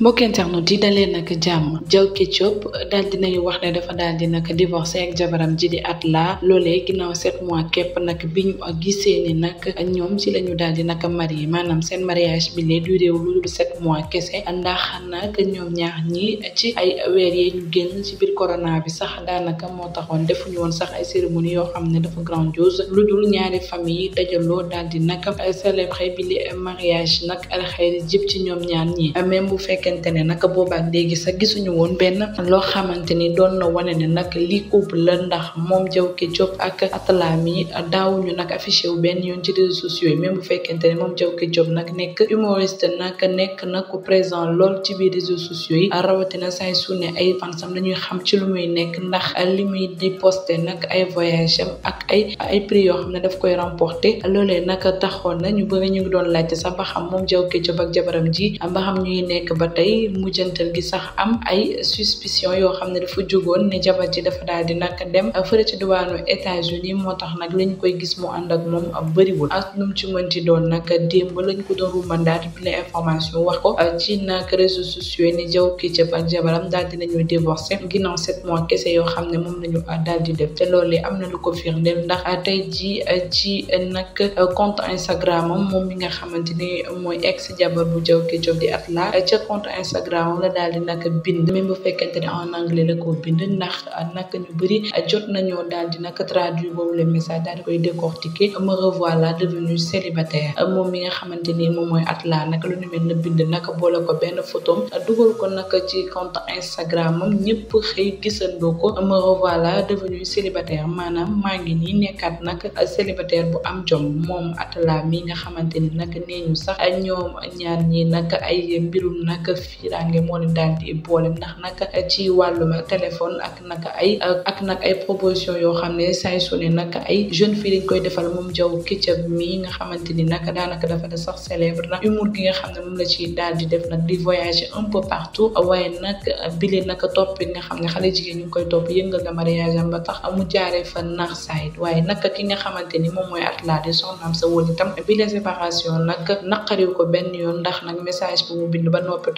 mbokk internet yi dalee nag jàmm Diaw Ketchup daal di nañu wax ne dafa daal di nag divorcé ak jabaram ji di at Atla loolee ginnaaw sept mois képp nag bi ñu gisee ne nag ñoom si la daal di nag marié maanaam seen mariage bi lee duré lu dul sept mois kese ndax nag ñoom ñaar ñi ci ay weer yee ñu génn ci biir corona bi sax daanaka moo tax taxoon defuñu woon sax ay cérémonie yoo xam ne dafa grandiose lu dul ñaari famille yi dajaloo daal di nak nag célébré bi li mariage nag alxayri jib ci ñoom ñaar ñi même bu fekkee fekkente ne nag boobaak léegi sax gisuñu woon benn loo xamante ni doon na wane ne nag lii couple la ndax moom Diawké Diop ak Atala mi daawuñu nag affiché wu benn yoon ci réseaux sociaux yi même bu fekkente ne moom Diawké Diop nag nekk humoriste nag nekk nag ku présent lool ci biir réseaux sociaux yi rawatina saay suune ay fansam la ñuy xam ci lu muy nekk ndax li muy di posté nag ay voyage am ak ay ay prix yoo xam ne def koy remporté loolee nag taxoon na ñu bëri ñu ngi doon laajte sax ba xam moom Diawké Diop ak jabaram ji ba xam ñuy nekk tey mujjantal gi sax am ay suspicion yoo xam ne dafa jógoon ne jabar ji dafa daal di nag dem fële ci diwaanu États-Unis moo tax nag lañ koy gis mu ànd ak moom bëriwul ak nu mu ci mënti doon nag démb lañ ko doon rumandaat bi la information wax ko ci nag réseaux sociaux yi ni jaw kii jëpp ak jabaram daal di nañu divorcé ginnaaw sept mois kese yoo xam ne moom nañu daal di dem te lool loolu am na lu ko firndeel ndax tey ji a ci nag compte Instagram am moom mi nga xamante ni mooy ex jabar bu jaw kii jëpp di at la ca compte Instagram la daal di bind même bu fekkente ne en anglais la ko bind ndax nag ñu bëri jot nañoo daal di nag traduire boobu le message daal di koy décortiquer me revoilà devenu célibataire moom mi nga xamante ni moom mooy Atla nag lu ñu mel na bind nag boole ko benn photo dugal ko nag ci compte Instagram am ñëpp xëy gisandoo ko me revoilà devenu célibataire maanaam maa ngi nii nekkaat nag célibataire bu am jom moom Atla mi nga xamante ni nag nee ñu sax ñoom ñaar ñi nag ay mbirum nag fiirange moo leen daal di boole ndax nag ci wàllum téléphone ak nag ay ak nag ay proposition yoo xam ne saay su ne nag ay jeune fille dañ koy defal moom jaww këccëg mi nga xamante ni nag daanaka dafa da sax célèbre nag humour nga xam ne moom la ci daal di def nag di voyager un waaye nag bile nag topp nga xam ne jigéen ñu ngi koy topp yëngal na mariage am ba tax amu jaaree fa naax saay waaye nag ki nga xamante ni moom mooy Atalaade soxnaam sa wóor itam bile séparation nag naqariw ko benn yoon ndax nag message bu mu ba noppi